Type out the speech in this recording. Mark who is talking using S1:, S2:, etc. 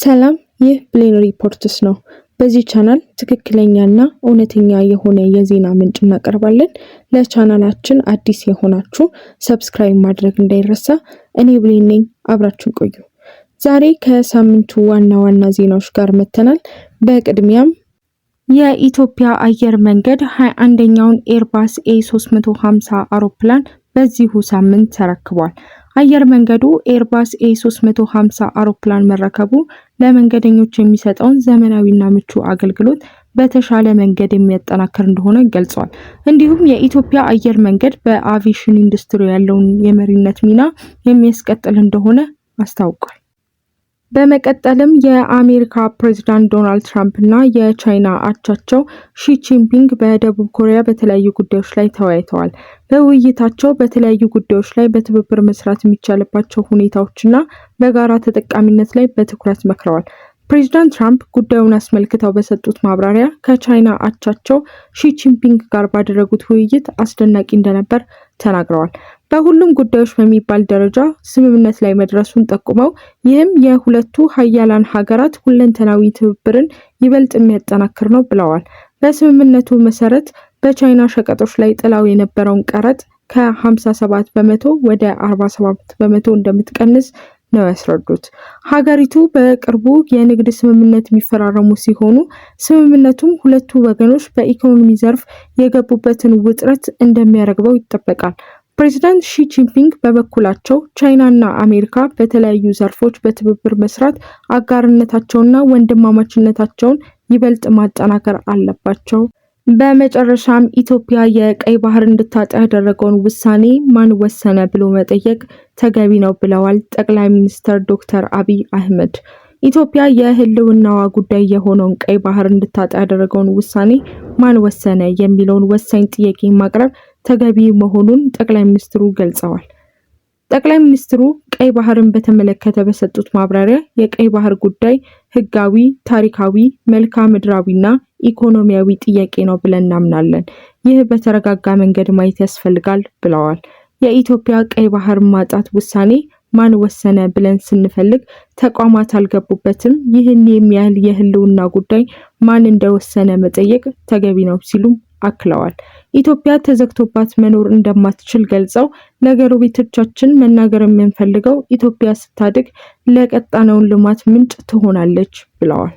S1: ሰላም፣ ይህ ብሌን ሪፖርትስ ነው። በዚህ ቻናል ትክክለኛና እውነተኛ የሆነ የዜና ምንጭ እናቀርባለን። ለቻናላችን አዲስ የሆናችሁ ሰብስክራይብ ማድረግ እንዳይረሳ። እኔ ብሌን ነኝ፣ አብራችን ቆዩ። ዛሬ ከሳምንቱ ዋና ዋና ዜናዎች ጋር መተናል። በቅድሚያም የኢትዮጵያ አየር መንገድ 21ኛውን ኤርባስ ኤ350 አውሮፕላን በዚሁ ሳምንት ተረክቧል። አየር መንገዱ ኤርባስ ኤ350 አውሮፕላን መረከቡ ለመንገደኞች የሚሰጠውን ዘመናዊና ምቹ አገልግሎት በተሻለ መንገድ የሚያጠናክር እንደሆነ ገልጿል። እንዲሁም የኢትዮጵያ አየር መንገድ በአቪሽን ኢንዱስትሪ ያለውን የመሪነት ሚና የሚያስቀጥል እንደሆነ አስታውቋል። በመቀጠልም የአሜሪካ ፕሬዚዳንት ዶናልድ ትራምፕ እና የቻይና አቻቸው ሺ ጂንፒንግ በደቡብ ኮሪያ በተለያዩ ጉዳዮች ላይ ተወያይተዋል። በውይይታቸው በተለያዩ ጉዳዮች ላይ በትብብር መስራት የሚቻልባቸው ሁኔታዎች እና በጋራ ተጠቃሚነት ላይ በትኩረት መክረዋል። ፕሬዚዳንት ትራምፕ ጉዳዩን አስመልክተው በሰጡት ማብራሪያ ከቻይና አቻቸው ሺ ጂንፒንግ ጋር ባደረጉት ውይይት አስደናቂ እንደነበር ተናግረዋል። በሁሉም ጉዳዮች በሚባል ደረጃ ስምምነት ላይ መድረሱን ጠቁመው ይህም የሁለቱ ሀያላን ሀገራት ሁለንተናዊ ትብብርን ይበልጥ የሚያጠናክር ነው ብለዋል። በስምምነቱ መሰረት በቻይና ሸቀጦች ላይ ጥላው የነበረውን ቀረጥ ከ57 በመቶ ወደ 47 በመቶ እንደምትቀንስ ነው ያስረዱት። ሀገሪቱ በቅርቡ የንግድ ስምምነት የሚፈራረሙ ሲሆኑ ስምምነቱም ሁለቱ ወገኖች በኢኮኖሚ ዘርፍ የገቡበትን ውጥረት እንደሚያረግበው ይጠበቃል። ፕሬዚዳንት ሺ ጂንፒንግ በበኩላቸው ቻይናና አሜሪካ በተለያዩ ዘርፎች በትብብር መስራት አጋርነታቸውና ወንድማማችነታቸውን ይበልጥ ማጠናከር አለባቸው። በመጨረሻም ኢትዮጵያ የቀይ ባህር እንድታጣ ያደረገውን ውሳኔ ማን ወሰነ ብሎ መጠየቅ ተገቢ ነው ብለዋል ጠቅላይ ሚኒስትር ዶክተር አብይ አህመድ። ኢትዮጵያ የህልውናዋ ጉዳይ የሆነውን ቀይ ባህር እንድታጣ ያደረገውን ውሳኔ ማን ወሰነ የሚለውን ወሳኝ ጥያቄ ማቅረብ ተገቢ መሆኑን ጠቅላይ ሚኒስትሩ ገልጸዋል። ጠቅላይ ሚኒስትሩ ቀይ ባህርን በተመለከተ በሰጡት ማብራሪያ የቀይ ባህር ጉዳይ ህጋዊ፣ ታሪካዊ፣ መልክዓ ምድራዊና ኢኮኖሚያዊ ጥያቄ ነው ብለን እናምናለን። ይህ በተረጋጋ መንገድ ማየት ያስፈልጋል ብለዋል። የኢትዮጵያ ቀይ ባህር ማጣት ውሳኔ ማን ወሰነ ብለን ስንፈልግ ተቋማት አልገቡበትም። ይህን የሚያህል የህልውና ጉዳይ ማን እንደወሰነ መጠየቅ ተገቢ ነው ሲሉም አክለዋል። ኢትዮጵያ ተዘግቶባት መኖር እንደማትችል ገልጸው ለጎረቤቶቻችን መናገር የምንፈልገው ኢትዮጵያ ስታድግ ለቀጣናውን ልማት ምንጭ ትሆናለች ብለዋል።